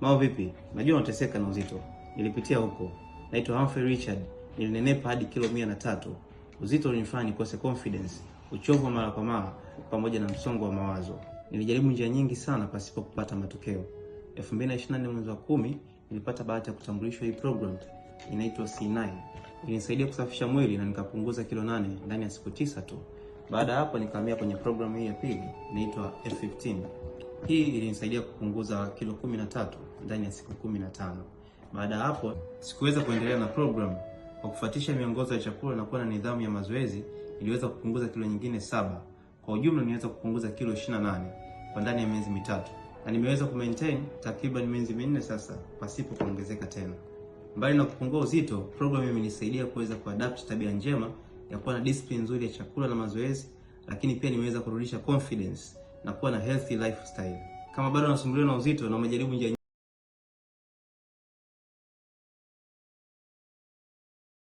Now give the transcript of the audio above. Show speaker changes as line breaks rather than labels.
Mao vipi? Najua unateseka na uzito. Nilipitia huko. Naitwa Humphrey Richard. Nilinenepa hadi kilo mia Uzito ulinifanya nikose confidence, uchovu wa mara kwa mara pamoja na msongo wa mawazo. Nilijaribu njia nyingi sana pasipo kupata matokeo. 2024 mwezi wa kumi nilipata bahati ya kutambulishwa hii program inaitwa C9. Ilinisaidia kusafisha mwili na nikapunguza kilo nane ndani ya siku tisa tu. Baada ya hapo nikahamia kwenye programu hii ya pili inaitwa F15. Hii ilinisaidia kupunguza kilo 13 ndani ya siku 15. Baada ya hapo, sikuweza kuendelea na program. Kwa kufuatisha miongozo ya chakula na kuwa na nidhamu ya mazoezi, niliweza kupunguza kilo nyingine saba. Kwa ujumla, niliweza kupunguza kilo 28 kwa ndani ya miezi mitatu, na nimeweza kumaintain takriban miezi minne sasa pasipo kuongezeka tena. Mbali na kupungua uzito, program imenisaidia kuweza kuadapt tabia njema ya kuwa na discipline nzuri ya chakula na mazoezi, lakini pia nimeweza kurudisha confidence na kuwa na healthy lifestyle. Kama bado unasumbuliwa na uzito na umejaribu njia